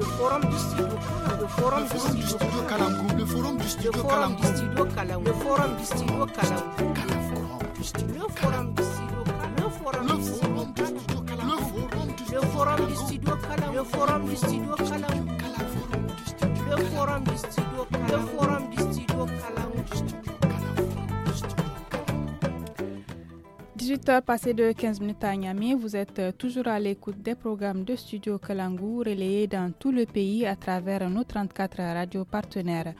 le forum du studio le forum du studio le forum du studio le forum du studio le forum du studio le forum du studio le forum du studio le forum du studio le forum du studio forum du studio Kalamkou 18 passé de 15 minutes à Niamey, vous êtes euh, toujours à l'écoute des programmes de Studio Kalangu relayés dans tout le pays à travers nos 34 radios partenaires.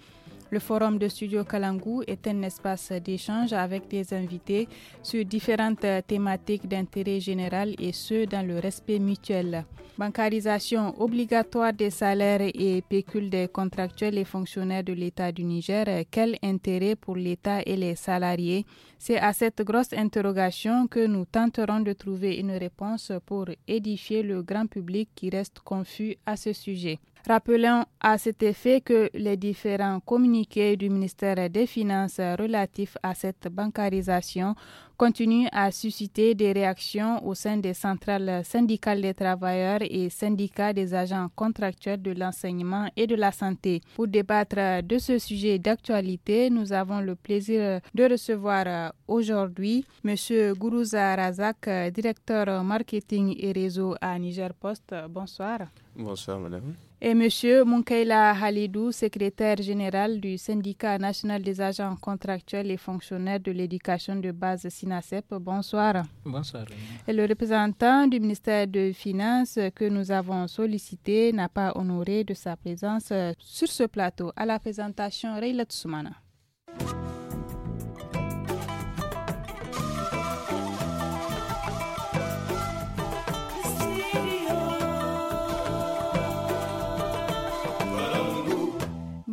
Le forum de Studio Kalangu est un espace d'échange avec des invités sur différentes thématiques d'intérêt général et ce, dans le respect mutuel. Bancarisation obligatoire des salaires et pécule des contractuels et fonctionnaires de l'État du Niger, quel intérêt pour l'État et les salariés C'est à cette grosse interrogation que nous tenterons de trouver une réponse pour édifier le grand public qui reste confus à ce sujet. Rappelons à cet effet que les différents communiqués du ministère des Finances relatifs à cette bancarisation continuent à susciter des réactions au sein des centrales syndicales des travailleurs et syndicats des agents contractuels de l'enseignement et de la santé. Pour débattre de ce sujet d'actualité, nous avons le plaisir de recevoir aujourd'hui M. Gourouza Razak, directeur marketing et réseau à Niger Post. Bonsoir. Bonsoir, madame. Et Monsieur Munkaila Halidou, secrétaire général du syndicat national des agents contractuels et fonctionnaires de l'éducation de base SINASEP. bonsoir. Bonsoir. Et le représentant du ministère des Finances que nous avons sollicité n'a pas honoré de sa présence euh, sur ce plateau. À la présentation, Reyla Tsoumana.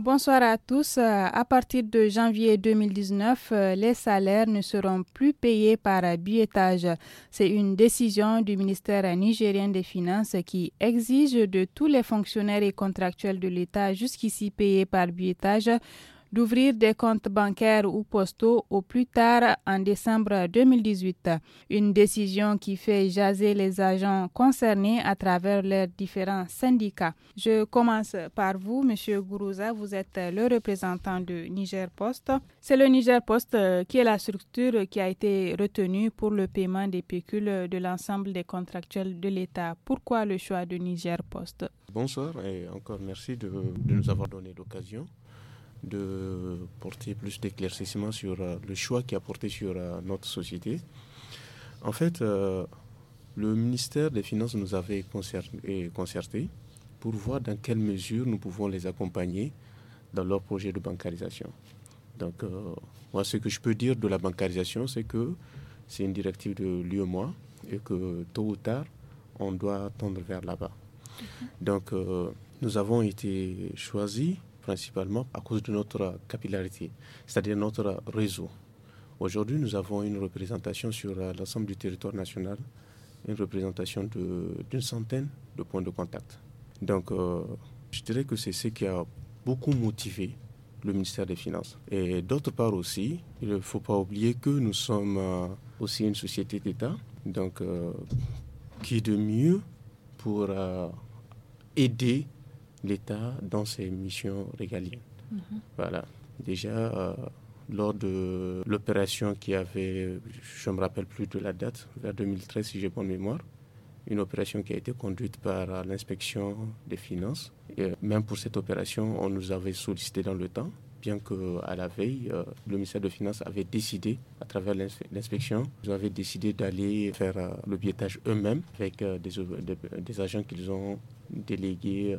Bonsoir à tous. Euh, à partir de janvier 2019, euh, les salaires ne seront plus payés par billetage. C'est une décision du ministère nigérien des Finances qui exige de tous les fonctionnaires et contractuels de l'État jusqu'ici payés par billetage d'ouvrir des comptes bancaires ou postaux au plus tard en décembre 2018, une décision qui fait jaser les agents concernés à travers leurs différents syndicats. Je commence par vous, Monsieur Gourouza, vous êtes le représentant de Niger Post. C'est le Niger Post euh, qui est la structure qui a été retenue pour le paiement des pécules de l'ensemble des contractuels de l'État. Pourquoi le choix de Niger Post Bonsoir et encore merci de nous avoir donné l'occasion de porter plus d'éclaircissement sur euh, le choix qui a porté sur euh, notre société. En fait, euh, le ministère des Finances nous avait concerté pour voir dans quelle mesure nous pouvons les accompagner dans leur projet de bancarisation. Donc, moi, ce que je peux dire de la bancarisation, c'est que c'est une directive de lieu-moi et que tôt ou tard, on doit tendre vers là-bas. Donc, nous avons été choisis principalement à cause de notre capillarité, c'est-à-dire notre réseau. Aujourd'hui, nous avons une représentation sur euh, l'ensemble du territoire national, une représentation d'une centaine de points de contact. Donc, euh, je dirais que c'est ce qui a beaucoup motivé le ministère des Finances. Et d'autre part aussi, il ne faut pas oublier que nous sommes euh, aussi une société d'État, donc qui qui de mieux pour aider l'État dans ses missions régaliennes. Mhm. Voilà. Déjà, euh, lors de l'opération qui avait, je ne me rappelle plus de la date, vers 2013 si j'ai bonne mémoire, une opération qui a été conduite par l'inspection des finances. Et euh, même pour cette opération, on nous avait sollicité dans le temps, bien qu'à la veille, euh, le ministère des Finances avait décidé, à travers l'inspection, ils avaient décidé d'aller faire le biétage eux-mêmes avec des, des, agents qu'ils ont délégués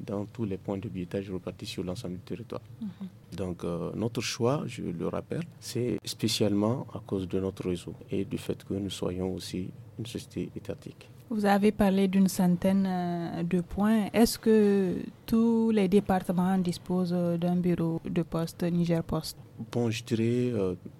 dans tous les points de billetage repartis sur l'ensemble du territoire. Mhm. Donc euh, notre choix, je le rappelle, c'est spécialement à cause de notre réseau et du fait que nous soyons aussi une société étatique. Vous avez parlé d'une centaine euh, de points. Est-ce que tous les départements disposent euh, d'un bureau de poste Niger Poste Bon, je dirais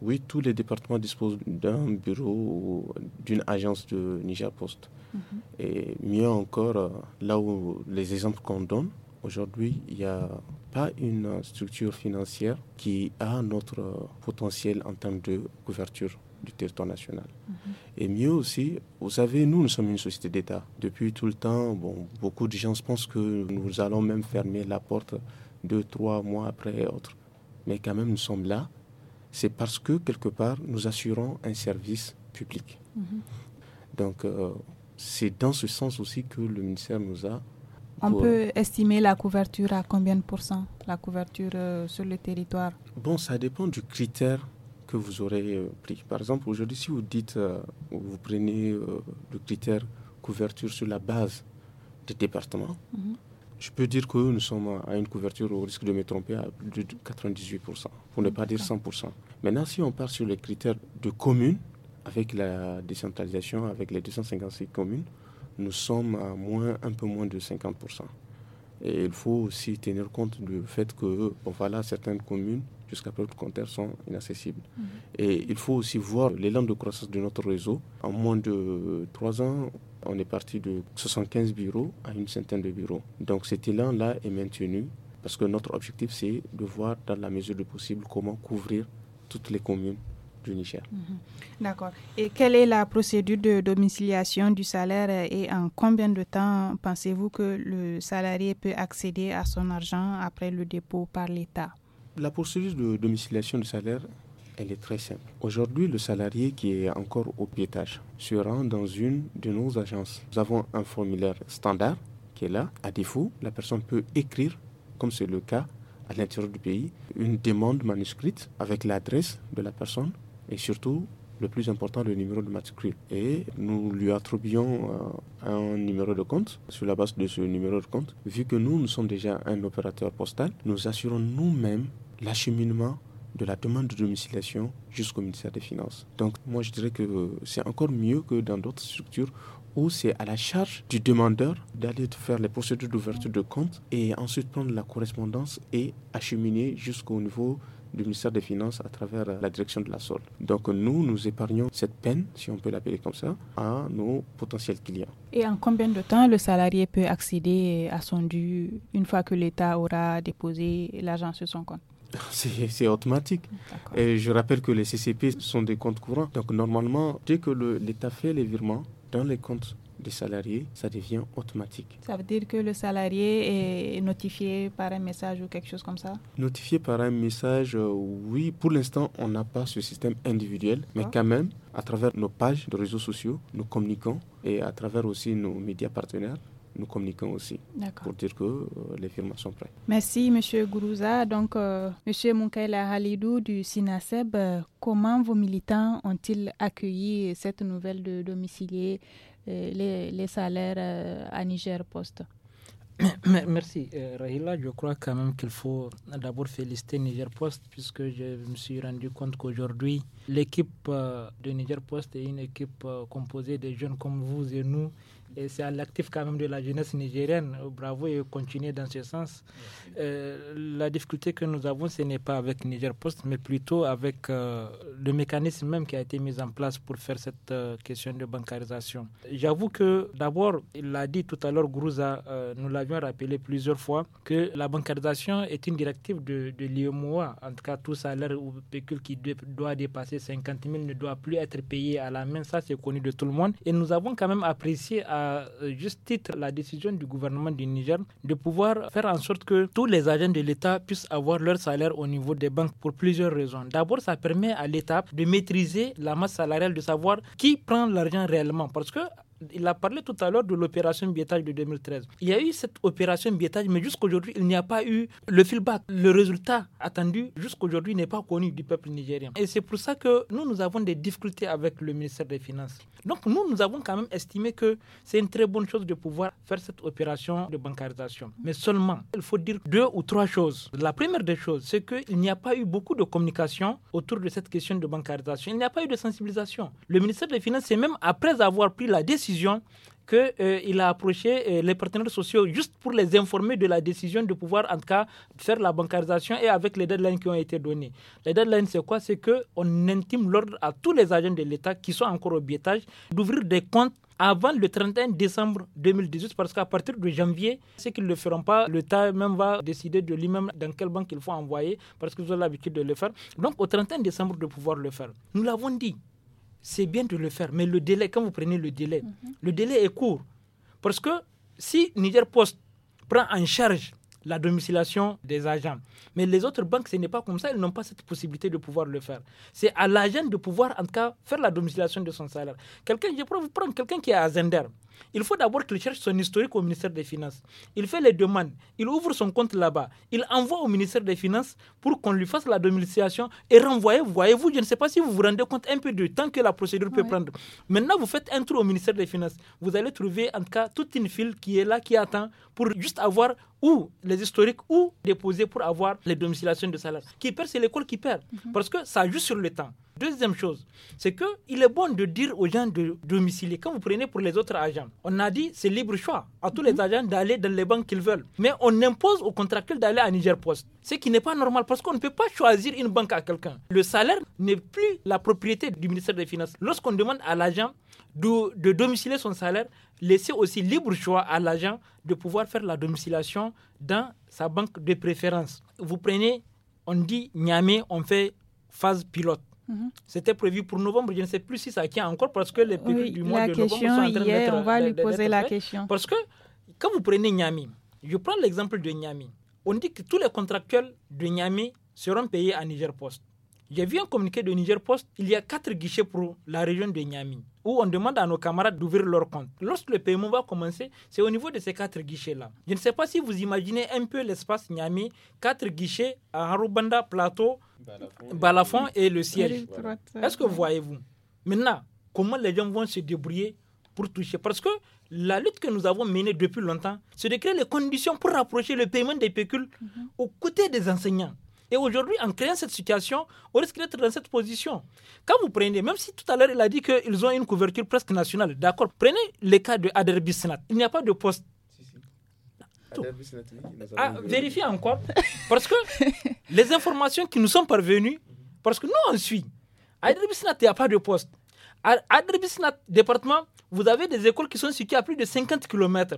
oui, tous les départements disposent d'un bureau ou d'une agence de Niger Poste. Mm-hmm. Et mieux encore, euh, là où les exemples qu'on donne, aujourd'hui, il n'y a pas une structure financière qui a notre potentiel en termes de couverture du territoire national. Mm-hmm. Et mieux aussi, vous savez, nous, nous sommes une société d'État. Depuis tout le temps, bon, beaucoup de gens pensent que nous allons même fermer la porte deux, trois mois après autre. Mais quand même, nous sommes là. C'est parce que, quelque part, nous assurons un service public. Mm-hmm. Donc, euh, c'est dans ce sens aussi que le ministère nous a. On peut estimer la couverture à combien de pourcents, la couverture euh, sur le territoire Bon, ça dépend du critère que vous aurez euh, pris. Par exemple, aujourd'hui, si vous dites, euh, vous prenez le critère couverture sur la base des départements, mhm. je peux dire que nous sommes à une couverture, au risque de me tromper, à plus de 98%, pour ne pas dire 100%. Maintenant, si on part sur les critères de communes, avec la décentralisation, avec les 256 communes, nous sommes à moins, un peu moins de 50%. Et il faut aussi tenir compte du fait que certaines communes, jusqu'à peu compteur, sont inaccessibles. Mhm. Et il faut aussi voir l'élan de croissance de notre réseau. En moins de trois ans, on est parti de 75 bureaux à une centaine de bureaux. Donc cet élan-là est maintenu parce que notre objectif, c'est de voir dans la mesure du possible comment couvrir toutes les communes du Niger. Mhm. D'accord. Et quelle est la procédure de domiciliation du salaire et en combien de temps pensez-vous que le salarié peut accéder à son argent après le dépôt par l'État La procédure de domiciliation du salaire, elle est très simple. Aujourd'hui, le salarié qui est encore au piétage se rend dans une de nos agences. Nous avons un formulaire standard qui est là. À défaut, la personne peut écrire, comme c'est le cas à l'intérieur du pays, une demande manuscrite avec l'adresse de la personne et surtout le plus important, le numéro de matricule. Et nous lui attribuons euh, un numéro de compte. Sur la base de ce numéro de compte, vu que nous, nous sommes déjà un opérateur postal, nous assurons nous-mêmes l'acheminement de la demande de domiciliation jusqu'au ministère des Finances. Donc moi, je dirais que c'est encore mieux que dans d'autres structures où c'est à la charge du demandeur d'aller faire les procédures d'ouverture de compte et ensuite prendre la correspondance et acheminer jusqu'au niveau du ministère des Finances à travers euh, la direction de la SOL. Donc nous, nous épargnons cette peine, si on peut l'appeler comme ça, à nos potentiels clients. Et en combien de temps le salarié peut accéder à son dû une fois que l'État aura déposé l'argent sur son compte c'est automatique. Et je rappelle que les CCP sont des comptes courants. Donc normalement, dès que l'État fait les virements dans les comptes des salariés, ça devient automatique. Ça veut dire que le salarié est notifié par un message ou quelque chose comme ça Notifié par un message, euh, oui. Pour l'instant, on n'a pas ce système individuel, mais quand même, à travers nos pages de réseaux sociaux, nous communiquons et à travers aussi nos médias partenaires, nous communiquons aussi pour dire que euh, les firmes sont prêtes. Merci, M. Gourouza. Donc, euh, Monsieur M. Moukaila Halidou du SINASEB, comment vos militants ont-ils accueilli cette nouvelle de domicilier eh, les, les, salaires euh, à Niger Post. Merci euh, Rahila. Je crois quand même qu'il faut d'abord féliciter Niger Post puisque je me suis rendu compte qu'aujourd'hui l'équipe euh, de Niger Post est une équipe composée de jeunes comme vous et nous et c'est à l'actif quand même de la jeunesse nigérienne. Bravo et continuez dans ce sens. Euh, la difficulté que nous avons, ce n'est pas avec Niger Post, mais plutôt avec euh, le mécanisme même qui a été mis en place pour faire cette euh, question de bancarisation. J'avoue que d'abord, il l'a dit tout à l'heure, Grouza, nous l'avions rappelé plusieurs fois, que la bancarisation est une directive de, de l'IOMOA. En tout cas, tout salaire ou pécule qui doit dépasser 50 000 ne doit plus être payé à la main. Ça, c'est connu de tout le monde. Et nous avons quand même apprécié à euh, juste titre la décision du gouvernement du Niger de pouvoir faire en sorte que tous les agents de l'État puissent avoir leur salaire au niveau des banques pour plusieurs raisons. D'abord, ça permet à l'État de maîtriser la masse salariale, de savoir qui prend l'argent réellement. Parce que il a parlé tout à l'heure de l'opération biétage de 2013. Il y a eu cette opération biétage, mais jusqu'aujourd'hui, il n'y a pas eu le feedback. Le résultat attendu jusqu'aujourd'hui n'est pas connu du peuple nigérien. Et c'est pour ça que nous, nous avons des difficultés avec le ministère des Finances. Donc nous, nous avons quand même estimé que c'est une très bonne chose de pouvoir faire cette opération de bancarisation. Mais seulement, il faut dire deux ou trois choses. La première des choses, c'est qu'il n'y a pas eu beaucoup de communication autour de cette question de bancarisation. Il n'y a pas eu de sensibilisation. Le ministère des Finances, c'est même après avoir pris la décision décision qu'il euh, a approché euh, les partenaires sociaux juste pour les informer de la décision de pouvoir, en tout cas, faire la bancarisation et avec les deadlines qui ont été données. Les deadlines, c'est quoi C'est qu'on intime l'ordre à tous les agents de l'État qui sont encore au biétage d'ouvrir des comptes avant le 31 décembre 2018 parce qu'à partir de janvier, ceux qui ne le feront pas, l'État même va décider de lui-même dans quelle banque il faut envoyer parce qu'ils ont l'habitude de le faire. Donc au 31 décembre de pouvoir le faire. Nous l'avons dit, c'est bien de le faire, mais le délai, quand vous prenez le délai, mhm. le délai est court. Parce que si Niger Post prend en charge la domiciliation des agents, mais les autres banques, ce n'est pas comme ça, elles n'ont pas cette possibilité de pouvoir le faire. C'est à l'agent de pouvoir, en tout cas, faire la domiciliation de son salaire. Quelqu'un, je pourrais vous prendre quelqu'un qui est à Zender. Il faut d'abord qu'il cherche son historique au ministère des Finances. Il fait les demandes, il ouvre son compte là-bas, il envoie au ministère des Finances pour qu'on lui fasse la domiciliation et renvoyer. Voyez-vous, je ne sais pas si vous vous rendez compte un peu du temps que la procédure peut prendre. Maintenant, vous faites un tour au ministère des Finances. Vous allez trouver en tout cas toute une file qui est là, qui attend pour juste avoir ou les historiques ou déposer pour avoir les domiciliations de salaire. Qui perd, c'est l'école qui perd. Mhm. Parce que ça joue sur le temps. Deuxième chose, c'est qu'il est bon de dire aux gens de domicilier, quand vous prenez pour les autres agents, on a dit c'est libre choix à tous les mhm. agents d'aller dans les banques qu'ils veulent. Mais on impose aux contractuels d'aller à Niger Post, ce qui n'est pas normal parce qu'on ne peut pas choisir une banque à quelqu'un. Le salaire n'est plus la propriété du ministère des Finances. Lorsqu'on demande à l'agent de, de domicilier son salaire, laissez aussi libre choix à l'agent de pouvoir faire la domiciliation dans sa banque de préférence. Vous prenez, on dit Niamey, on fait phase pilote. Mhm. C'était prévu pour novembre, je ne sais plus si ça tient encore parce que les pays du mois de novembre sont en train on va lui poser la question. Parce que quand vous prenez Niami, je prends l'exemple de Niami. On dit que tous les contractuels de Niami seront payés à Niger Post. J'ai vu un communiqué de Niger Post, il y a quatre guichets pour la région de Niamey, où on demande à nos camarades d'ouvrir leur compte. Lorsque le paiement va commencer, c'est au niveau de ces quatre guichets-là. Je ne sais pas si vous imaginez un peu l'espace Niamey, quatre guichets à Harubanda, Plateau, Balafon, et, le siège. Est-ce que vous voyez-vous Maintenant, comment les gens vont se débrouiller pour toucher Parce que la lutte que nous avons menée depuis longtemps, c'est de créer les conditions pour rapprocher le paiement des pécules mhm. aux côtés des enseignants. Et aujourd'hui, en créant cette situation, on risque d'être dans cette position. Quand vous prenez, même si tout à l'heure il a dit qu'ils ont une couverture presque nationale, d'accord, prenez le cas de Il n'y a pas de poste. Ah, vérifiez encore. Parce que les informations qui nous sont parvenues, parce que nous on suit. Aderbi il n'y a pas de poste. À département, vous avez des écoles qui sont situées à plus de 50 km.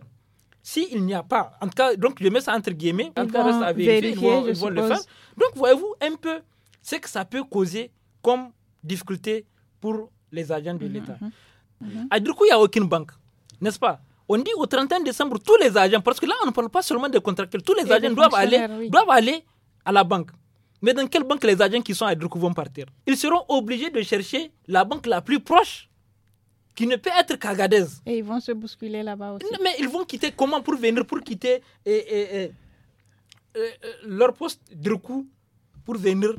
S'il n'y a pas, en tout cas, donc je mets ça entre guillemets, en tout cas, ils vont, le faire. Donc voyez-vous un peu ce que ça peut causer comme difficulté pour les agents de mhm, l'État. À mhm, mhm. ah, il n'y a aucune banque, n'est-ce pas On dit au 31 décembre, tous les agents, parce que là, on ne parle pas seulement des contractuels, tous les agents doivent, aller, doivent aller à la banque. Mais dans quelle banque les agents qui sont à Drukou vont partir Ils seront obligés de chercher la banque la plus proche qui ne peut être qu'Agadez. Et ils vont se bousculer là-bas aussi. Mais ils vont quitter comment pour venir, pour quitter et, eh, et, eh, eh, leur poste de pour venir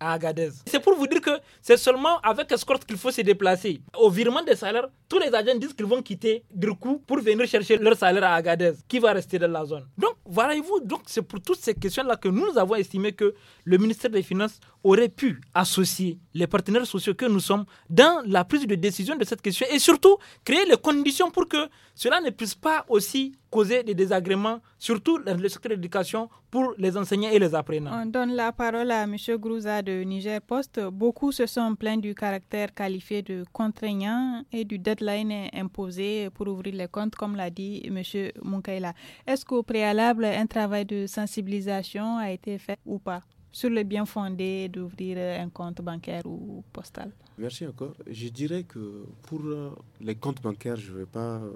à Agadez. C'est pour vous dire que c'est seulement avec escorte qu'il faut se déplacer. Au virement des salaires, tous les agents disent qu'ils vont quitter Drukou pour venir chercher leur salaire à Agadez, qui va rester dans la zone. Donc, Voyez-vous, donc c'est pour toutes ces questions-là que nous avons estimé que le ministère des Finances aurait pu associer les partenaires sociaux que nous sommes dans la prise de décision de cette question et surtout créer les conditions pour que cela ne puisse pas aussi causer des désagréments, surtout dans le secteur de l'éducation, pour les enseignants et les apprenants. On donne la parole à M. Grouza de Niger Post. Beaucoup se sont plaints du caractère qualifié de contraignant et du deadline imposé pour ouvrir les comptes, comme l'a dit M. Munkaila. Est-ce qu'au préalable, un travail de sensibilisation a été fait ou pas sur le bien fondé d'ouvrir un compte bancaire ou postal. Merci encore. Je dirais que pour euh, les comptes bancaires, je ne vais pas euh,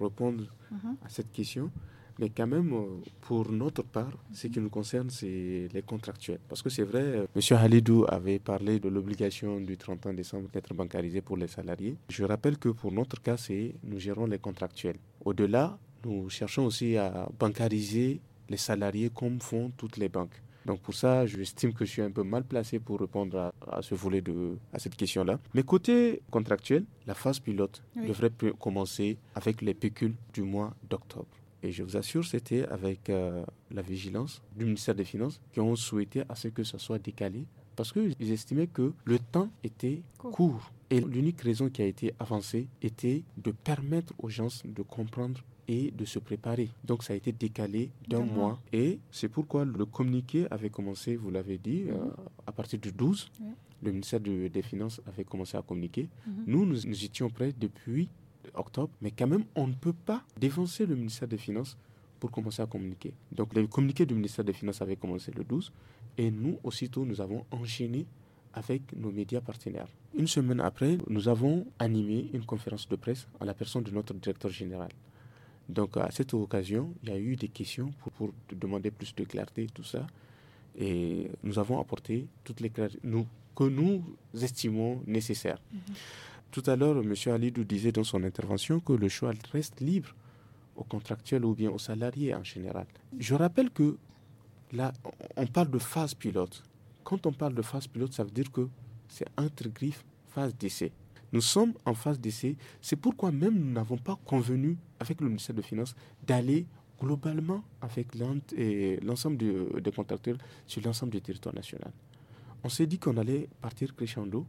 répondre mhm. à cette question. Mais quand même, euh, pour notre part, ce qui mhm. nous concerne, c'est les contractuels. Parce que c'est vrai, M. Halidou avait parlé de l'obligation du 31 décembre d'être bancarisé pour les salariés. Je rappelle que pour notre cas, c'est nous gérons les contractuels. Au-delà, nous cherchons aussi à bancariser les salariés comme font toutes les banques. Donc pour ça, j'estime que je suis un peu mal placé pour répondre à, ce volet de à cette question-là. Mais côté contractuel, la phase pilote devrait commencer avec les pécules du mois d'octobre. Et je vous assure, c'était avec euh, la vigilance du ministère des Finances qui ont souhaité à ce que ça soit décalé parce qu'ils estimaient que le temps était court. Et l'unique raison qui a été avancée était de permettre aux gens de comprendre et de se préparer. Donc ça a été décalé d'un mois. Et c'est pourquoi le communiqué avait commencé, vous l'avez dit, mhm. euh, à partir du 12. Le ministère des Finances avait commencé à communiquer. Mhm. Nous, nous, étions prêts depuis octobre, mais quand même, on ne peut pas défoncer le ministère des Finances pour commencer à communiquer. Donc le communiqué du ministère des Finances avait commencé le 12 et nous, aussitôt, nous avons enchaîné avec nos médias partenaires. Une semaine après, nous avons animé une conférence de presse à la personne de notre directeur général. Donc à cette occasion, il y a eu des questions pour, demander plus de clarté, tout ça. Et nous avons apporté toutes les nous, que nous estimons nécessaires. Mm-hmm. Tout à l'heure, M. Alidou disait dans son intervention que le choix reste libre aux contractuels ou bien aux salariés en général. Je rappelle que là, on parle de phase pilote. Quand on parle de phase pilote, ça veut dire que c'est entre griffes phase d'essai. Nous sommes en phase d'essai. C'est pourquoi même nous n'avons pas convenu avec le ministère de Finances d'aller globalement avec l'ensemble des contractuels sur l'ensemble du territoire national. On s'est dit qu'on allait partir crescendo.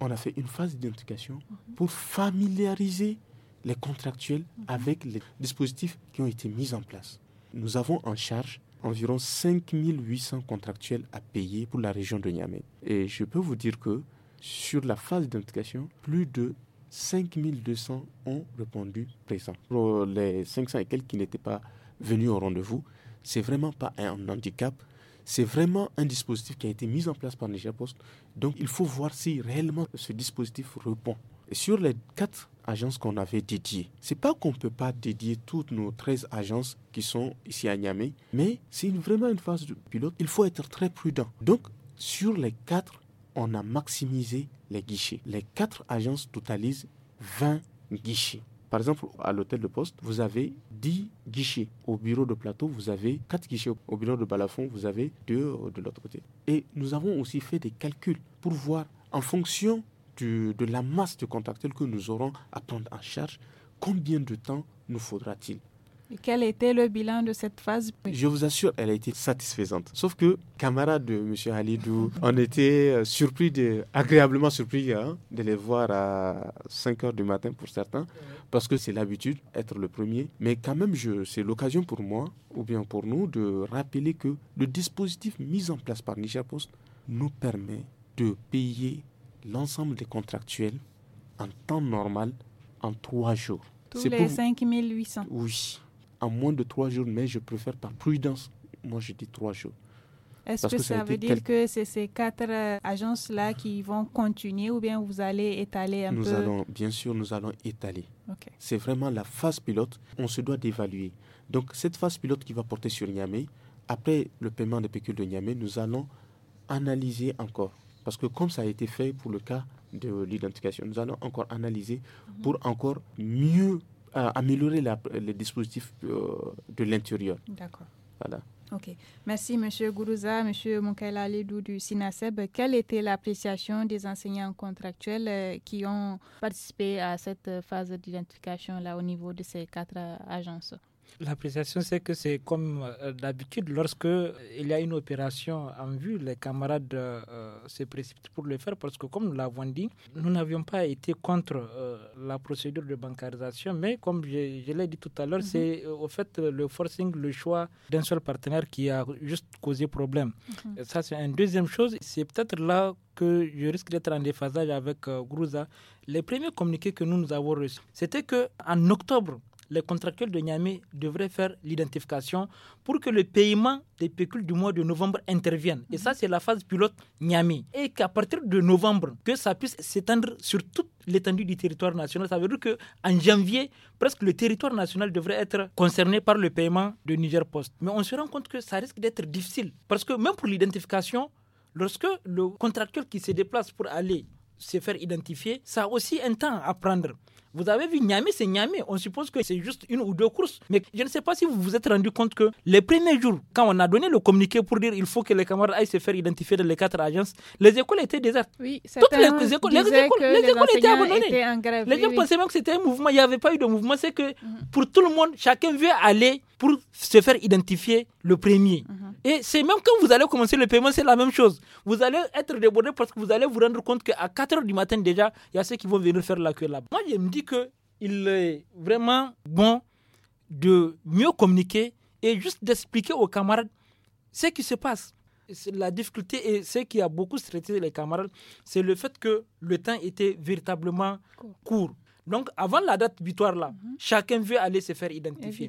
On a fait une phase d'identification mhm. pour familiariser les contractuels mhm. avec les dispositifs qui ont été mis en place. Nous avons en charge environ 5800 contractuels à payer pour la région de Niamey. Et je peux vous dire que sur la phase d'identification, plus de 5200 ont répondu présent. Pour les 500 et quelques qui n'étaient pas venus au rendez-vous, c'est vraiment pas un handicap. C'est vraiment un dispositif qui a été mis en place par Niger Post. Donc il faut voir si réellement ce dispositif répond. Et sur les quatre agences qu'on avait dédiées, c'est pas qu'on ne peut pas dédier toutes nos 13 agences qui sont ici à Niamey, mais c'est vraiment une phase de pilote. Il faut être très prudent. Donc sur les quatre, on a maximisé les guichets. Les quatre agences totalisent 20 guichets. Par exemple, à l'hôtel de poste, vous avez 10 guichets. Au bureau de plateau, vous avez 4 guichets. Au bureau de balafon, vous avez 2 de l'autre côté. Et nous avons aussi fait des calculs pour voir, en fonction de la masse de contacts que nous aurons à prendre en charge, combien de temps nous faudra-t-il quel était le bilan de cette phase Je vous assure, elle a été satisfaisante. Sauf que, camarades de M. Halidou, on était euh, surpris, de, agréablement surpris hein, de les voir à 5 h du matin pour certains, parce que c'est l'habitude, être le premier. Mais quand même, c'est l'occasion pour moi, ou bien pour nous, de rappeler que le dispositif mis en place par Niger Post nous permet de payer l'ensemble des contractuels en temps normal en trois jours. Tous les 5800. Oui moins de trois jours, mais je préfère par prudence. Moi, je dis trois jours. Est-ce que, ça, veut dire que c'est ces quatre euh, agences-là qui vont continuer ou bien vous allez étaler un nous peu Nous allons, bien sûr, nous allons étaler. C'est vraiment la phase pilote. On se doit d'évaluer. Donc, cette phase pilote qui va porter sur Niamey, après le paiement des pécules de Niamey, nous allons analyser encore. Parce que comme ça a été fait pour le cas de l'identification, nous allons encore analyser mhm. pour encore mieux améliorer la, le dispositif euh, de l'intérieur. D'accord. Voilà. Ok. Merci, M. Gourouza, M. Moukaila Ledou du SINASEB. Quelle était l'appréciation des enseignants contractuels euh, qui ont participé à cette phase d'identification là au niveau de ces quatre agences L'appréciation, c'est que c'est comme euh, d'habitude, lorsque euh, il y a une opération en vue, les camarades euh, se précipitent pour le faire parce que, comme nous l'avons dit, nous n'avions pas été contre la procédure de bancarisation, mais comme je, l'ai dit tout à l'heure, mhm. c'est au fait le forcing, le choix d'un seul partenaire qui a juste causé problème. Mhm. ça, c'est une deuxième chose. C'est peut-être là que je risque d'être en déphasage avec Grouza. Les premiers communiqués que nous, nous avons reçus, c'était qu'en octobre, les contractuels de Niamey devraient faire l'identification pour que le paiement des pécules du mois de novembre intervienne. Et ça, c'est la phase pilote Niamey. Et qu'à partir de novembre, que ça puisse s'étendre sur toute l'étendue du territoire national. Ça veut dire qu'en janvier, presque le territoire national devrait être concerné par le paiement de Niger Post. Mais on se rend compte que ça risque d'être difficile. Parce que même pour l'identification, lorsque le contractuel qui se déplace pour aller se faire identifier, ça a aussi un temps à prendre. Vous avez vu Niamey, c'est Niamey. On suppose que c'est juste une ou deux courses. Mais je ne sais pas si vous vous êtes rendu compte que les premiers jours, quand on a donné le communiqué pour dire il faut que les camarades aillent se faire identifier dans les quatre agences, les écoles étaient désertes. Oui, Toutes les, écoles, les écoles, les écoles étaient abandonnées. les gens pensaient même que c'était un mouvement. Il n'y avait pas eu de mouvement. C'est que mm-hmm. pour tout le monde, chacun veut aller pour se faire identifier le premier. Mm-hmm. Et c'est même quand vous allez commencer le paiement, c'est la même chose. Vous allez être débordé parce que vous allez vous rendre compte qu'à 4 h du matin déjà, il y a ceux qui vont venir faire la queue là-bas. Moi, je me dis que qu'il est vraiment bon de mieux communiquer et juste d'expliquer aux camarades ce qui se passe. La difficulté et ce qui a beaucoup stressé les camarades, c'est le fait que le temps était véritablement court. Donc, avant la date victoire là, mhm. chacun veut aller se faire identifier.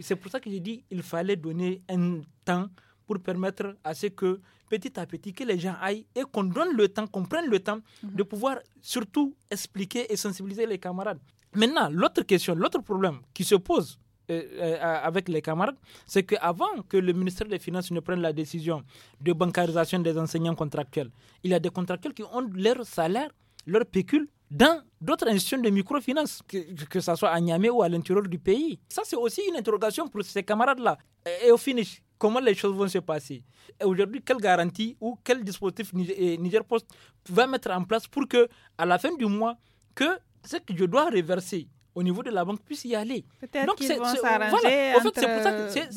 C'est pour ça que j'ai dit il fallait donner un temps pour permettre à ce que petit à petit que les gens aillent et qu'on donne le temps, qu'on prenne le temps mhm. de pouvoir surtout expliquer et sensibiliser les camarades. Maintenant, l'autre question, l'autre problème qui se pose euh, euh, avec les camarades, c'est qu'avant que le ministère des Finances ne prenne la décision de bancarisation des enseignants contractuels, il y a des contractuels qui ont leur salaire, leur pécule dans d'autres institutions de microfinance, que, que ce soit à Niamey ou à l'intérieur du pays. Ça, c'est aussi une interrogation pour ces camarades-là. Et, et au finish, comment les choses vont se passer. Et Aujourd'hui, quelle garantie ou quel dispositif eh, Niger Post va mettre en place pour que, à la fin du mois, que ce que je dois reverser au niveau de la banque puisse y aller. Donc c'est voilà. En fait, c'est pour ça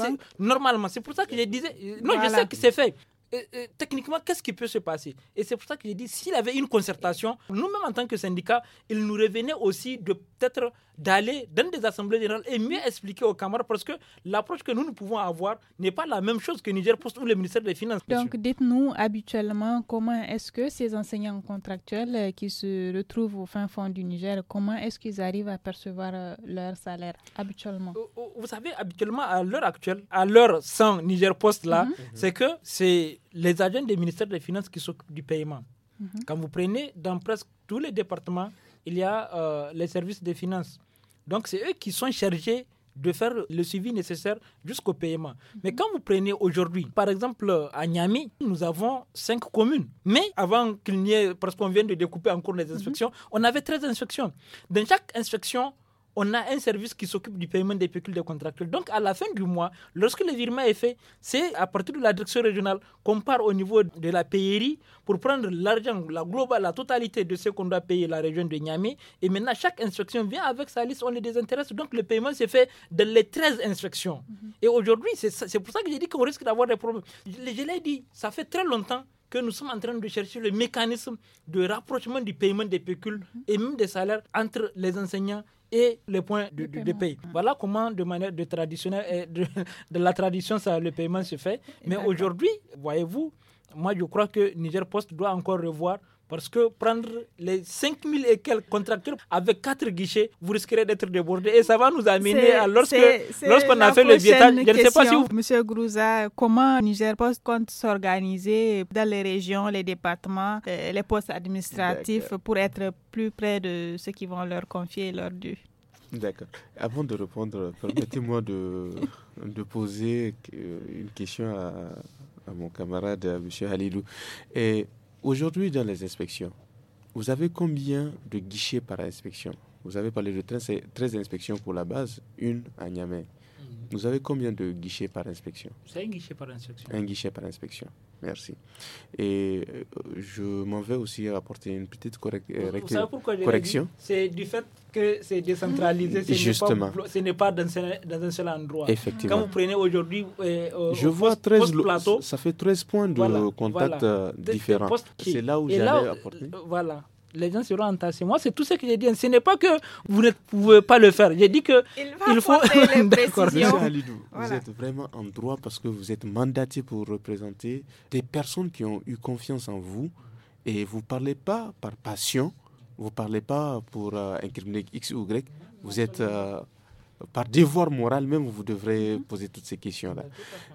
que normalement, c'est pour ça que je euh, disais non, je sais que c'est fait. Euh, euh, techniquement, qu'est-ce qui peut se passer Et c'est pour ça que j'ai dit, s'il avait une concertation, nous-mêmes en tant que syndicat, il nous revenait aussi de peut-être d'aller dans des assemblées générales et mieux expliquer aux camarades parce que l'approche que nous, nous pouvons avoir n'est pas la même chose que Niger Post ou le ministère des Finances. Donc, dites-nous habituellement comment est-ce que ces enseignants contractuels euh, qui se retrouvent au fin fond du Niger, comment est-ce qu'ils arrivent à percevoir leur salaire habituellement Vous savez, habituellement, à l'heure actuelle, à l'heure sans Niger Post là, mhm. c'est que c'est les agents des ministères des Finances qui s'occupent du paiement. Mhm. Quand vous prenez dans presque tous les départements, il y a euh, les services des finances. Donc c'est eux qui sont chargés de faire le suivi nécessaire jusqu'au paiement. Mhm. Mais quand vous prenez aujourd'hui, par exemple, à Niamey, nous avons cinq communes. Mais avant qu'il n'y ait, parce qu'on vient de découper encore les inspections, mhm. on avait 13 inspections. Dans chaque inspection, on a un service qui s'occupe du paiement des pécules des contractuels. Donc, à la fin du mois, lorsque le virement est fait, c'est à partir de la direction régionale qu'on part au niveau de la payerie pour prendre l'argent, la globale, la totalité de ce qu'on doit payer la région de Niamey. Et maintenant, chaque instruction vient avec sa liste, on les désintéresse. Donc, le paiement s'est fait dans les 13 instructions. Mhm. Et aujourd'hui, c'est pour ça que j'ai dit qu'on risque d'avoir des problèmes. Je, je l'ai dit, ça fait très longtemps que nous sommes en train de chercher le mécanisme de rapprochement du paiement des pécules mhm. et même des salaires entre les enseignants et les points de, de, Voilà comment, de manière de traditionnelle, euh, de, la tradition, le paiement se fait. Mais aujourd'hui, voyez-vous, moi, je crois que Niger Post doit encore revoir parce que prendre les 5000 et quelques contracteurs avec quatre guichets, vous risquerez d'être débordé. Et ça va nous amener à lorsque, lorsqu'on a fait le Vietnam. Je ne sais pas si Monsieur Grouza, comment Niger Post compte s'organiser dans les régions, les départements, euh, les postes administratifs pour être plus près de ceux qui vont leur confier leur dû? D'accord. Avant de répondre, permettez-moi de, de, poser une question à, à mon camarade, Monsieur Halilou. Et Aujourd'hui, dans les inspections, vous avez combien de guichets par inspection Vous avez parlé de 13, inspections pour la base, une à Niamey. Mm-hmm. Vous avez combien de guichets par inspection C'est un guichet par inspection. Un guichet par inspection. Merci. Et euh, je m'en vais aussi apporter une petite euh, correction. C'est du fait que c'est décentralisé. Ce Justement. ce n'est pas dans, un seul endroit. Effectivement. Quand vous prenez aujourd'hui. Euh, je vois 13 Ça fait 13 points de contact différents. C'est là où j'allais apporter. Voilà les gens seront entassés. Moi, c'est tout ce que j'ai dit. Ce n'est pas que vous ne pouvez pas le faire. J'ai dit que il, faut. D'accord, Alidou, vous êtes vraiment en droit parce que vous êtes mandaté pour représenter des personnes qui ont eu confiance en vous et vous parlez pas par passion, vous parlez pas pour euh, incriminer X ou Y. Vous êtes euh, par devoir moral même, vous devrez mhm. poser toutes ces questions-là.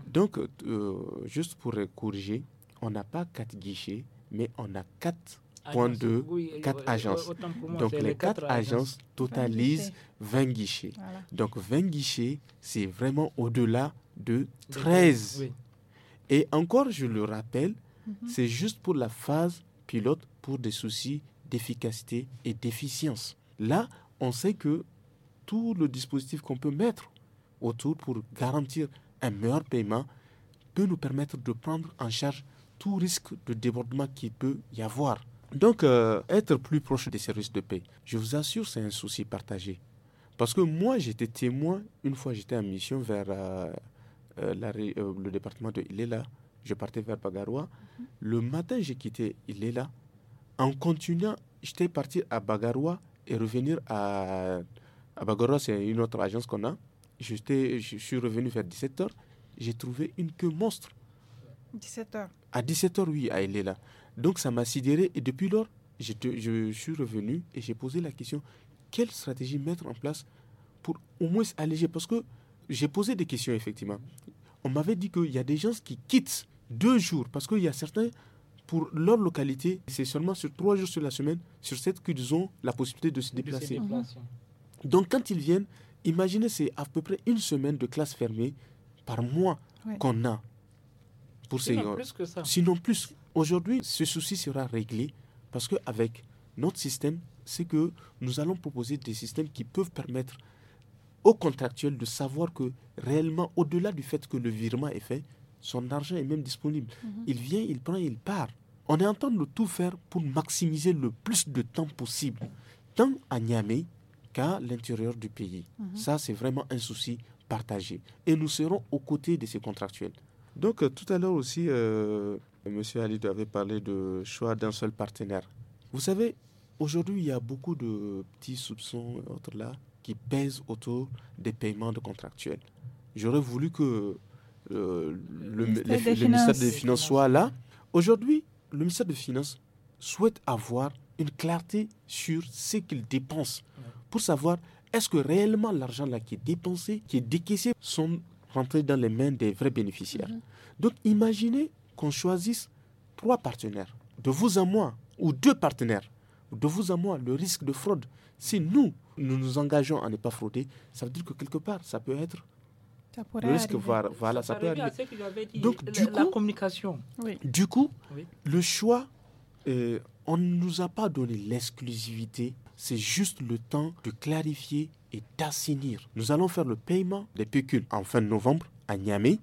Donc, euh, juste pour corriger, on n'a pas quatre guichets, mais on a quatre point de quatre agences. Donc les quatre agences totalisent 20 guichets. Donc 20 guichets, c'est vraiment au-delà de 13. Et encore, je le rappelle, mhm. c'est juste pour la phase pilote pour des soucis d'efficacité et d'efficience. Là, on sait que tout le dispositif qu'on peut mettre autour pour garantir un meilleur paiement peut nous permettre de prendre en charge tout risque de débordement qu'il peut y avoir. Donc, euh, être plus proche des services de paix, je vous assure, c'est un souci partagé. Parce que moi, j'étais témoin, une fois j'étais en mission vers euh, euh, le département de Iléla, je partais vers Bagarois. Mhm. Le matin, j'ai quitté Iléla. En continuant, j'étais parti à Bagarois et revenir à, à c'est une autre agence qu'on a. je suis revenu vers 17h. J'ai trouvé une queue monstre. 17h. À 17h, oui, à Iléla. Donc ça m'a sidéré et depuis lors, je, je suis revenu et j'ai posé la question, quelle stratégie mettre en place pour au moins alléger Parce que j'ai posé des questions, effectivement. On m'avait dit qu'il y a des gens qui quittent deux jours, parce qu'il y a certains, pour leur localité, c'est seulement sur trois jours sur la semaine, sur sept qu'ils ont la possibilité de se déplacer. Mhm. Donc quand ils viennent, imaginez, c'est à peu près une semaine de classe fermée par mois qu'on a. Pour Sinon plus que ça. Aujourd'hui, ce souci sera réglé parce qu'avec notre système, c'est que nous allons proposer des systèmes qui peuvent permettre aux contractuels de savoir que réellement, au-delà du fait que le virement est fait, son argent est même disponible. Mhm. Il vient, il prend, il part. On est en train de tout faire pour maximiser le plus de temps possible, tant à Niamey qu'à l'intérieur du pays. Mhm. Ça, c'est vraiment un souci partagé. Et nous serons aux côtés de ces contractuels. Donc, euh, tout à l'heure aussi, euh, Monsieur Ali avait parlé de choix d'un seul partenaire. Vous savez, aujourd'hui, il y a beaucoup de petits soupçons et autres là qui pèsent autour des paiements de contractuels. J'aurais voulu que euh, le, ministère, des Finances soit là. Aujourd'hui, le ministère des Finances souhaite avoir une clarté sur ce qu'il dépense pour savoir est-ce que réellement l'argent là qui est dépensé, qui est décaissé, sont rentrés dans les mains des vrais bénéficiaires. Mm-hmm. Donc imaginez qu'on choisisse trois partenaires, de vous à moi, ou deux partenaires. De vous à moi, le risque de fraude, si nous, nous nous engageons à ne pas frauder, ça veut dire que quelque part, ça peut être le risque, voilà, ça, peut arriver. Donc, du la, communication. Du coup, le choix, euh, on ne nous a pas donné l'exclusivité, c'est juste le temps de clarifier et d'assainir. Nous allons faire le paiement des pécules en fin novembre à Niamey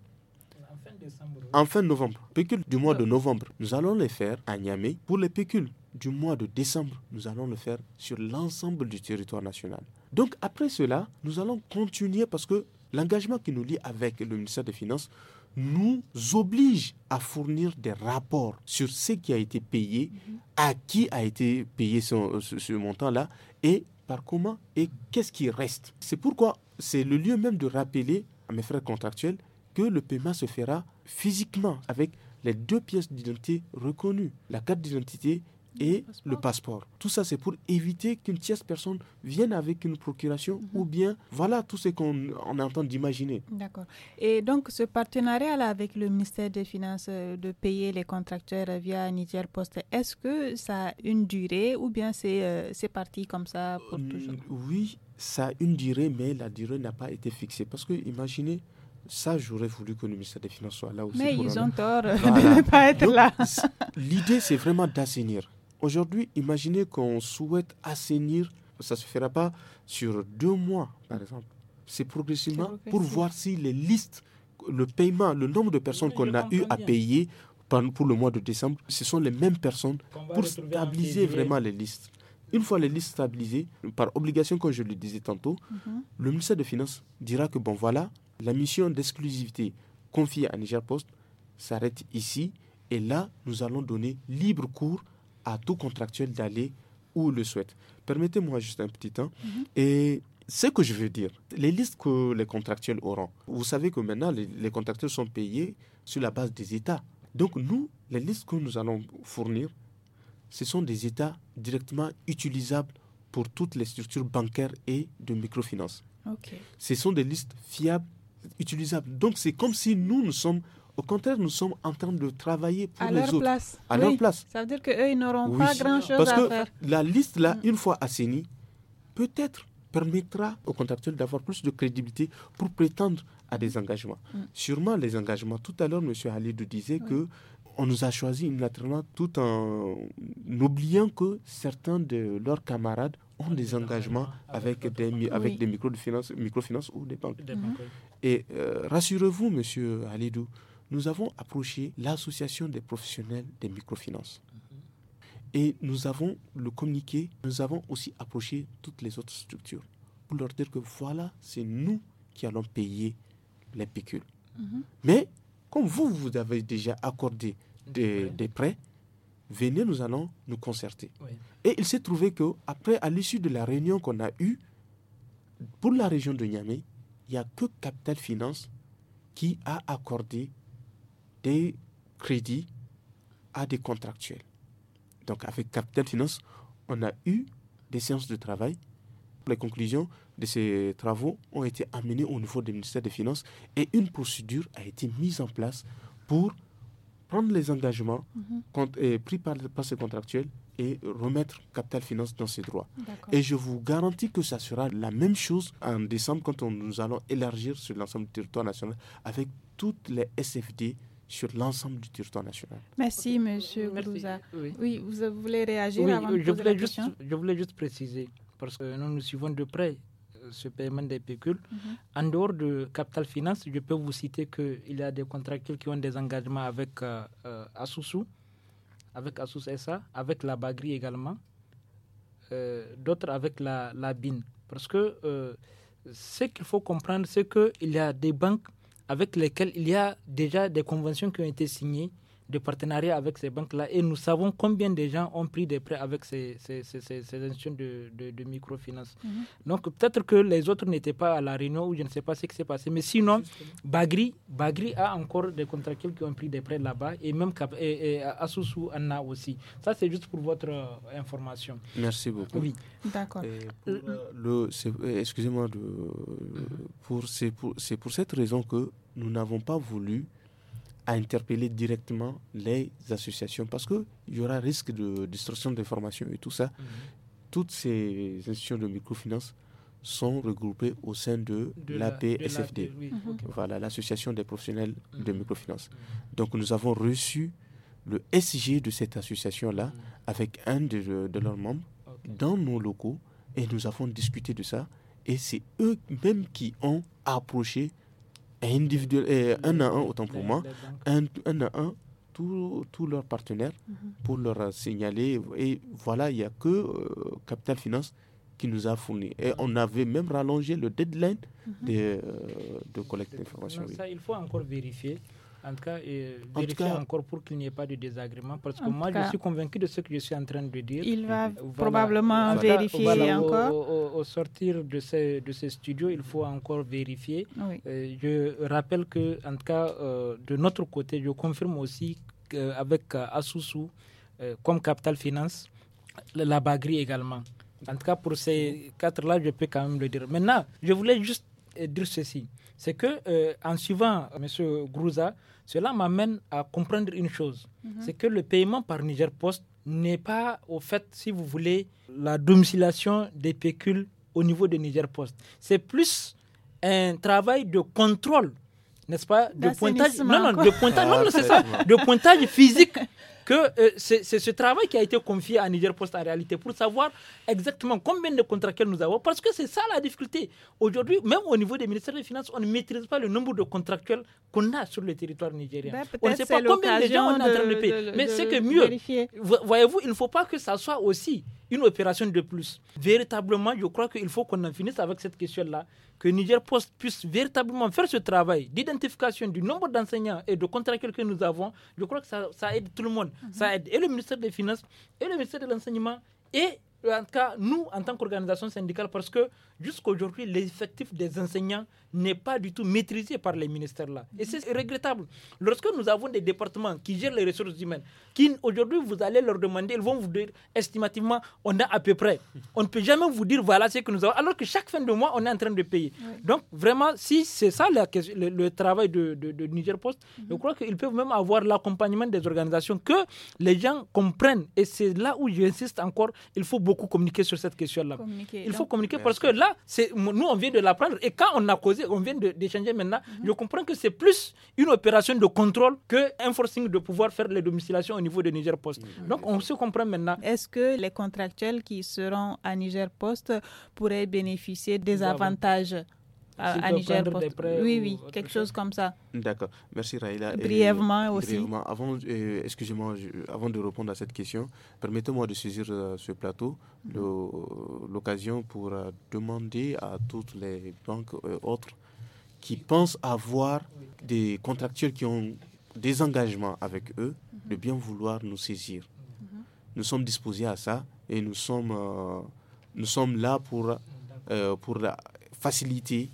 en fin novembre, pécule du mois de novembre, nous allons les faire à Niamey. Pour les pécules du mois de décembre, nous allons le faire sur l'ensemble du territoire national. Donc après cela, nous allons continuer parce que l'engagement qui nous lie avec le ministère des Finances nous oblige à fournir des rapports sur ce qui a été payé, mhm. à qui a été payé ce montant-là et par comment et qu'est-ce qui reste. C'est pourquoi c'est le lieu même de rappeler à mes frères contractuels le paiement se fera physiquement avec les deux pièces d'identité reconnues, la carte d'identité et le passeport. Tout ça, c'est pour éviter qu'une tierce personne vienne avec une procuration mhm. ou bien, voilà tout ce qu'on on entend d'imaginer. D'accord. Et donc, ce partenariat-là avec le ministère des Finances euh, de payer les contracteurs via Niger Post, est-ce que ça a une durée ou bien c'est euh, c'est parti comme ça pour euh, toujours Oui, ça a une durée, mais la durée n'a pas été fixée. Parce que, imaginez, ça, j'aurais voulu que le ministère des Finances soit là aussi. Mais ils ont tort de ne pas être là. L'idée, c'est vraiment d'assainir. Aujourd'hui, imaginez qu'on souhaite assainir, ça ne se fera pas sur deux mois, par exemple. C'est progressivement pour voir si les listes, le paiement, le nombre de personnes qu'on a eu à payer pour le mois de décembre, ce sont les mêmes personnes pour stabiliser vraiment les listes. Une fois les listes stabilisées, par obligation, comme je le disais tantôt, mhm. le ministère des Finances dira que, bon, voilà, la mission d'exclusivité confiée à Niger Post s'arrête ici et là, nous allons donner libre cours à tout contractuel d'aller où le souhaite. Permettez-moi juste un petit temps. Mhm. Et ce que je veux dire, les listes que les contractuels auront, vous savez que maintenant, les, contractuels sont payés sur la base des États. Donc nous, les listes que nous allons fournir, ce sont des États directement utilisables pour toutes les structures bancaires et de microfinance. Ce sont des listes fiables utilisable. Donc c'est comme si nous, nous sommes, au contraire, nous sommes en train de travailler pour à les autres. À leur place. Ça veut dire qu'eux, ils n'auront pas grand-chose à faire. Parce que la liste, là, mm. une fois assainie, peut-être permettra aux contractuels d'avoir plus de crédibilité pour prétendre à des engagements. Mm. Sûrement les engagements. Tout à l'heure, M. Halid disait que on nous a choisi unilatéralement tout en oubliant que certains de leurs camarades ont des engagements avec des, avec des microfinances ou des banques. Des banques. Mm-hmm. Et euh, rassurez-vous, monsieur Alidou, nous avons approché l'association des professionnels des microfinances. Et nous avons le communiqué, nous avons aussi approché toutes les autres structures pour leur dire que voilà, c'est nous qui allons payer les pécules. Mhm. Mais comme vous, vous avez déjà accordé des, prêts, venez, nous allons nous concerter. Et il s'est trouvé que après, à l'issue de la réunion qu'on a eue pour la région de Niamey, il n'y a que Capital Finance qui a accordé des crédits à des contractuels. Donc avec Capital Finance, on a eu des séances de travail. Les conclusions de ces travaux ont été amenées au niveau du ministère des Finances et une procédure a été mise en place pour prendre les engagements mhm. pris par ces contractuels et remettre Capital Finance dans ses droits. Et je vous garantis que ça sera la même chose en décembre quand on, nous allons élargir sur l'ensemble du territoire national avec toutes les SFD sur l'ensemble du territoire national. Merci, M. Monsieur Oui. vous voulez réagir oui, avant je, voulais juste, je voulais juste préciser, parce que nous nous suivons de près euh, ce paiement des pécules. Mhm. En dehors de Capital Finance, je peux vous citer qu'il y a des contractuels qui ont des engagements avec euh, euh avec Asus SA, avec la Bagri également, euh, d'autres avec la, la BIN. Parce que euh, ce qu'il faut comprendre, c'est qu'il y a des banques avec lesquelles il y a déjà des conventions qui ont été signées de partenariat avec ces banques-là et nous savons combien de gens ont pris des prêts avec ces, ces, ces, ces institutions de, de, microfinance. Mhm. Donc peut-être que les autres n'étaient pas à la réunion ou je ne sais pas ce qui s'est passé. Mais sinon, Bagri, Bagri a encore des contractuels qui ont pris des prêts là-bas et même à et, en a aussi. Ça, c'est juste pour votre euh, information. Merci beaucoup. Oui. D'accord. Euh, euh, excusez-moi, c'est pour, c'est pour cette raison que nous n'avons pas voulu à interpeller directement les associations parce que il y aura risque de destruction d'informations et tout ça. Mhm. Toutes ces institutions de microfinance sont regroupées au sein de, l'APSFD, la, mhm. voilà, l'association des professionnels mhm. de microfinance. Donc nous avons reçu le SG de cette association-là avec un de, leurs membres dans nos locaux et nous avons discuté de ça et c'est eux-mêmes qui ont approché individuel, un à un, autant pour moi, un, à un, tous leurs partenaires mhm. pour leur signaler. Et voilà, il n'y a que euh, Capital Finance qui nous a fourni. Et on avait même rallongé le deadline mhm. de, euh, de collecte d'informations. Il faut encore vérifier en tout cas, et encore pour qu'il n'y ait pas de désagrément. Parce que moi, je suis convaincu de ce que je suis en train de dire. Il va probablement vérifier encore. Au, sortir de ces, de ces studios, il faut encore vérifier. Euh, je rappelle que, en tout cas, euh, de notre côté, je confirme aussi qu'avec euh, euh, Asusu, comme Capital Finance, la Bagri également. En tout cas, pour ces quatre-là, je peux quand même le dire. Maintenant, je voulais juste dire ceci c'est que euh, en suivant euh, M. Grouza, cela m'amène à comprendre une chose, mhm. c'est que le paiement par Niger Post n'est pas, au fait, si vous voulez, la domiciliation des pécules au niveau de Niger Post. C'est plus un travail de contrôle, n'est-ce pas, de pointage. Non, non, de pointage, non c'est ah, ça, de pointage physique que euh, c'est ce travail qui a été confié à Niger Post en réalité pour savoir exactement combien de contractuels nous avons. Parce que c'est ça la difficulté. Aujourd'hui, même au niveau des ministères des Finances, on ne maîtrise pas le nombre de contractuels qu'on a sur le territoire nigérien. Ben, on ne sait pas combien de gens on est en train de, Mais c'est que mieux, voyez-vous, il ne faut pas que ça soit aussi une opération de plus. Véritablement, je crois qu'il faut qu'on en finisse avec cette question-là, que Niger Post puisse véritablement faire ce travail d'identification du nombre d'enseignants et de contractuels que nous avons. Je crois que ça aide tout le monde. Ça aide et le ministère des Finances, et le ministère de l'Enseignement, et euh, en tout cas, nous, en tant qu'organisation syndicale, parce que jusqu'à aujourd'hui, l'effectif des enseignants n'est pas du tout maîtrisé par les ministères là. Et c'est regrettable. Lorsque nous avons des départements qui gèrent les ressources humaines, qui aujourd'hui, vous allez leur demander, ils vont vous dire estimativement, on a à peu près. On ne peut jamais vous dire, voilà ce que nous avons, alors que chaque fin de mois, on est en train de payer. Donc, vraiment, si c'est ça le, travail de, Niger Post, je mhm. crois qu'ils peuvent même avoir l'accompagnement des organisations, que les gens comprennent. Et c'est là où j'insiste encore, il faut beaucoup communiquer sur cette question-là. Il faut communiquer parce que là, nous, on vient de l'apprendre. Et quand on a causé, on vient d'échanger maintenant, mm-hmm. je comprends que c'est plus une opération de contrôle qu'un forcing de pouvoir faire les domiciliations au niveau de Niger Post. Mm-hmm. Donc, on se comprend maintenant. Est-ce que les contractuels qui seront à Niger Post pourraient bénéficier des avantages à, Niger. oui, oui, quelque chose comme ça. D'accord. Merci Raïla. Brièvement aussi. Avant, euh, excusez-moi, avant de répondre à cette question, permettez-moi de saisir euh, ce plateau, mhm. l'occasion pour euh, demander à toutes les banques autres qui pensent avoir des contractuels qui ont des engagements avec eux, de mhm. bien vouloir nous saisir. Mhm. Nous sommes disposés à ça et nous sommes, nous sommes là pour, pour faciliter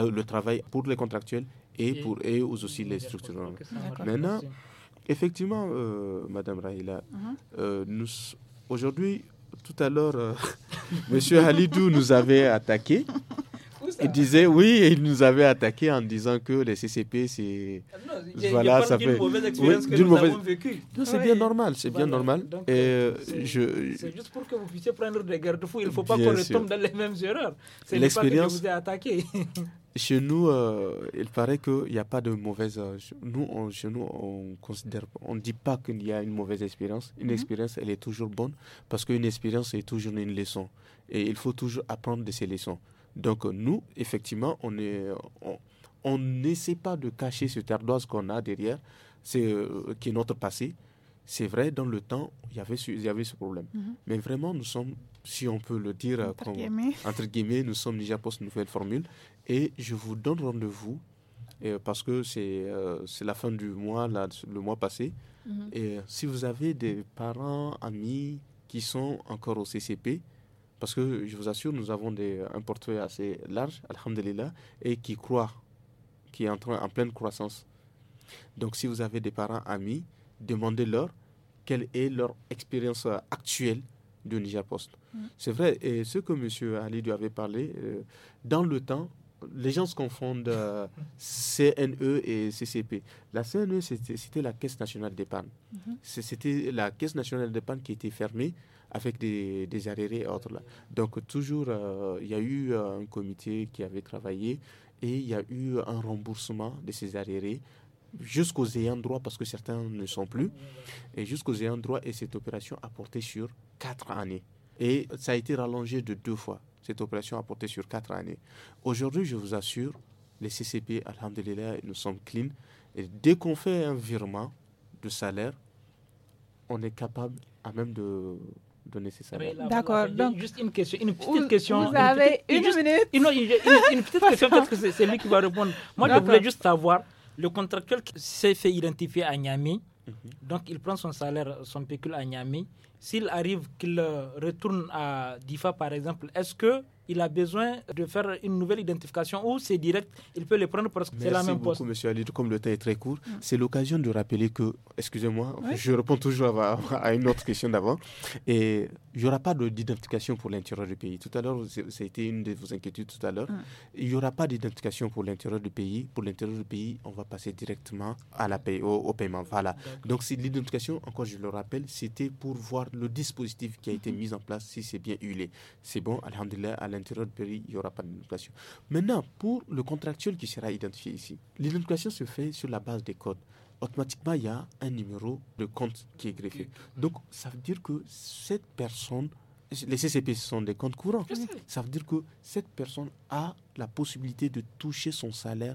le, travail pour les contractuels et, pour aussi les structures. Maintenant, effectivement, euh, Madame Rahila, uh-huh. euh, aujourd'hui, tout à l'heure, M. Euh, Monsieur Halidou nous avait attaqué. Il disait oui, il nous avait attaqué en disant que les CCP c'est ah voilà, ça fait mauvaise expérience que nous mauvaise... avons vécue. c'est bien normal, c'est bien normal. Euh, je c'est juste pour que vous puissiez prendre des garde-fous. Il ne faut pas qu'on retombe dans les mêmes erreurs. C'est l'expérience que vous avez attaqué. Chez nous, euh, il paraît qu'il n'y a pas de mauvaise. Euh, nous, on, chez nous, on considère, on dit pas qu'il y a une mauvaise expérience. Une mhm. expérience, elle est toujours bonne parce qu'une expérience est toujours une leçon et il faut toujours apprendre de ces leçons. Donc euh, nous, effectivement, on on, n'essaie pas de cacher cette ardoise qu'on a derrière, c'est qui est notre passé. C'est vrai, dans le temps, il y avait, il y avait ce problème. Mhm. Mais vraiment, nous sommes si on peut le dire entre, guillemets. nous sommes déjà post nouvelle formule. Et je vous donne rendez-vous euh, parce que euh, c'est la fin du mois, le mois passé. Mhm. Et euh, si vous avez des parents, amis qui sont encore au CCP, parce que je vous assure, nous avons des, un portefeuille assez large, alhamdulillah, et qui croit, qui est en, train, en pleine croissance. Donc si vous avez des parents, amis, demandez-leur quelle est leur expérience actuelle du Niger Post. Mm. C'est vrai, et ce que M. Ali lui avait parlé, euh, dans le temps, les gens se confondent euh, CNE et CCP. La CNE, c'était la Caisse nationale d'épargne. Mm-hmm. C'était la Caisse nationale d'épargne qui était fermée avec des, des arriérés et autres. Là. Donc toujours, euh, il y a eu un comité qui avait travaillé et il y a eu un remboursement de ces arriérés jusqu'aux ayants droit, parce que certains ne sont plus, et jusqu'aux ayants droit, et cette opération a porté sur quatre années. Et ça a été rallongé de deux fois. Cette opération a porté sur quatre années. Aujourd'hui, je vous assure, les CCP, alhamdulillah, nous sommes clean. Et dès qu'on fait un virement de salaire, on est capable à même de donner ses salaires. D'accord. Donc, juste une question, une petite vous, question. Vous avez une, minute. Une, une petite question, peut-être que c'est lui qui va répondre. Moi, je voulais juste savoir le contractuel s'est fait identifier à Niamey, donc il prend son salaire, son pécule à Niamey, s'il arrive qu'il euh, retourne à DIFA, par exemple, est-ce que il a besoin de faire une nouvelle identification ou c'est direct, il peut les prendre parce que c'est la même poste. Merci beaucoup, monsieur Ali. Comme le temps est très court, mm. c'est l'occasion de rappeler que, excusez-moi, je réponds toujours à, une autre question d'avant, et il n'y aura pas d'identification pour l'intérieur du pays. Tout à l'heure, été une de vos inquiétudes tout à l'heure. Mm. Il n'y aura pas d'identification pour l'intérieur du pays. Pour l'intérieur du pays, on va passer directement à la P.O. au, paiement. Voilà. Donc, l'identification, encore je le rappelle, c'était pour voir le dispositif qui a été mhm. mis en place, si c'est bien huilé, c'est bon, alhamdulillah, à l'intérieur de Paris, il n'y aura pas d'inoculation. Maintenant, pour le contractuel qui sera identifié ici, l'inoculation se fait sur la base des codes automatiquement, il y a un numéro de compte qui est greffé. Donc, ça veut dire que cette personne, les CCP sont des comptes courants. Ça veut dire que cette personne a la possibilité de toucher son salaire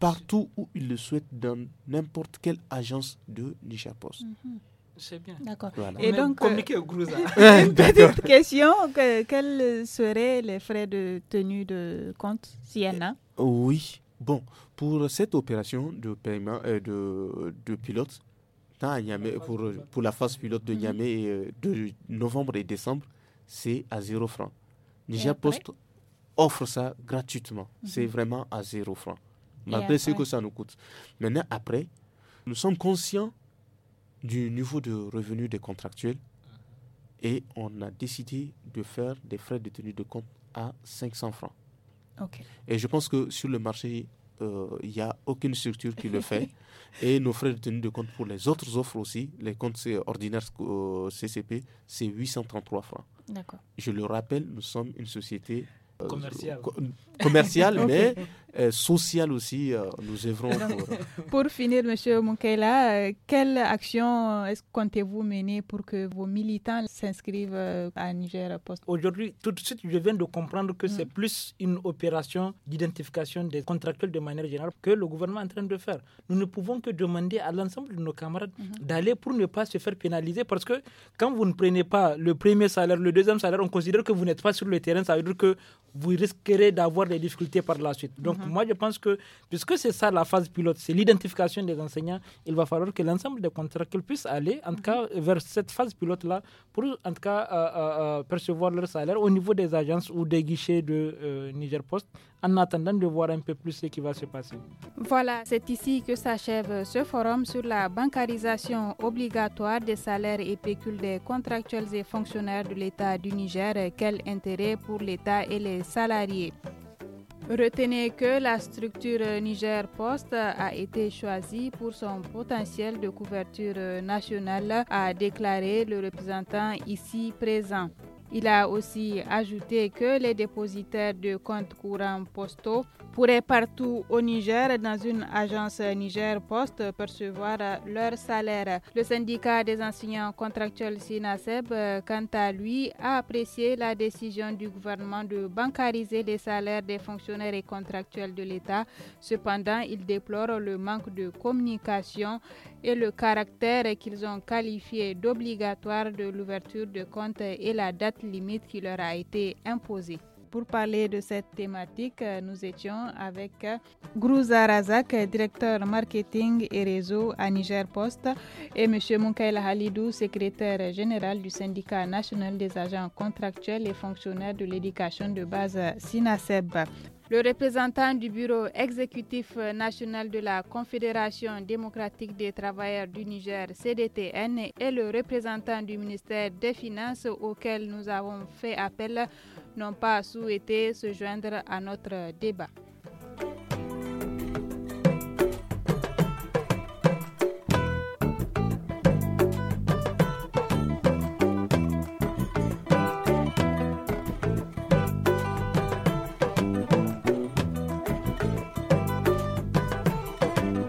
partout où il le souhaite dans n'importe quelle agence de Niger Post. Mhm. C'est bien. D'accord. Et donc, euh, une petite question quels seraient les frais de tenue de compte siena a euh, Oui. Bon, pour cette opération de paiement euh, de, de pilote, pour, la phase pilote de mhm. de novembre et décembre, c'est à zéro franc. Niger Post offre ça gratuitement. Mhm. C'est vraiment à zéro franc. Malgré ce que ça nous coûte. Maintenant, après, nous sommes conscients du niveau de revenu des contractuels et on a décidé de faire des frais de tenue de compte à 500 francs. Et je pense que sur le marché, il euh, n'y a aucune structure qui le fait. et nos frais de tenue de compte pour les autres offres aussi, les comptes ordinaires euh, CCP, c'est 833 francs. Je le rappelle, nous sommes une société euh, commerciale, mais euh, social aussi, euh, nous œuvrons euh, pour... finir, Monsieur Munkela, quelle action comptez-vous mener pour que vos militants s'inscrivent à Niger Post Aujourd'hui, tout de suite, je viens de comprendre que c'est mm. plus une opération d'identification des contractuels de manière générale que le gouvernement est en train de faire. Nous ne pouvons que demander à l'ensemble de nos camarades mm-hmm. d'aller pour ne pas se faire pénaliser parce que quand vous ne prenez pas le premier salaire, le deuxième salaire, on considère que vous n'êtes pas sur le terrain, ça veut dire que vous risquerez d'avoir des difficultés par la suite. Donc, moi, je pense que, puisque c'est ça la phase pilote, c'est l'identification des enseignants, il va falloir que l'ensemble des contractuels puissent aller, en tout cas, vers cette phase pilote-là, pour, en tout cas, euh, euh, euh, percevoir leur salaire au niveau des agences ou des guichets de Niger Post, en attendant de voir un peu plus ce qui va se passer. Voilà, c'est ici que s'achève ce forum sur la bancarisation obligatoire des salaires et pécules des contractuels et fonctionnaires de l'État du Niger. Quel intérêt pour l'État et les salariés Retenez que la structure Niger Post a été choisie pour son potentiel de couverture nationale, a déclaré le représentant ici présent. Il a aussi ajouté que les dépositaires de comptes courants postaux pourraient partout au Niger, dans une agence Niger Post, percevoir leur salaire. Le syndicat des enseignants contractuels SINASEB, quant à lui, a apprécié la décision du gouvernement de bancariser les salaires des fonctionnaires et contractuels de l'État. Cependant, il déplore le manque de communication et le caractère qu'ils ont qualifié d'obligatoire de l'ouverture de comptes et la date limite qui leur a été imposée. Pour parler de cette thématique, euh, nous étions avec euh, Grouza Razak, directeur marketing et réseau à Niger Post, et M. Moukaila Halidou, secrétaire général du syndicat national des agents contractuels et fonctionnaires de l'éducation de base euh, SINASEB. Le représentant du bureau exécutif national de la Confédération démocratique des travailleurs du Niger, CDTN, et le représentant du ministère des Finances auquel nous avons fait appel n'ont pas souhaité se joindre à notre débat.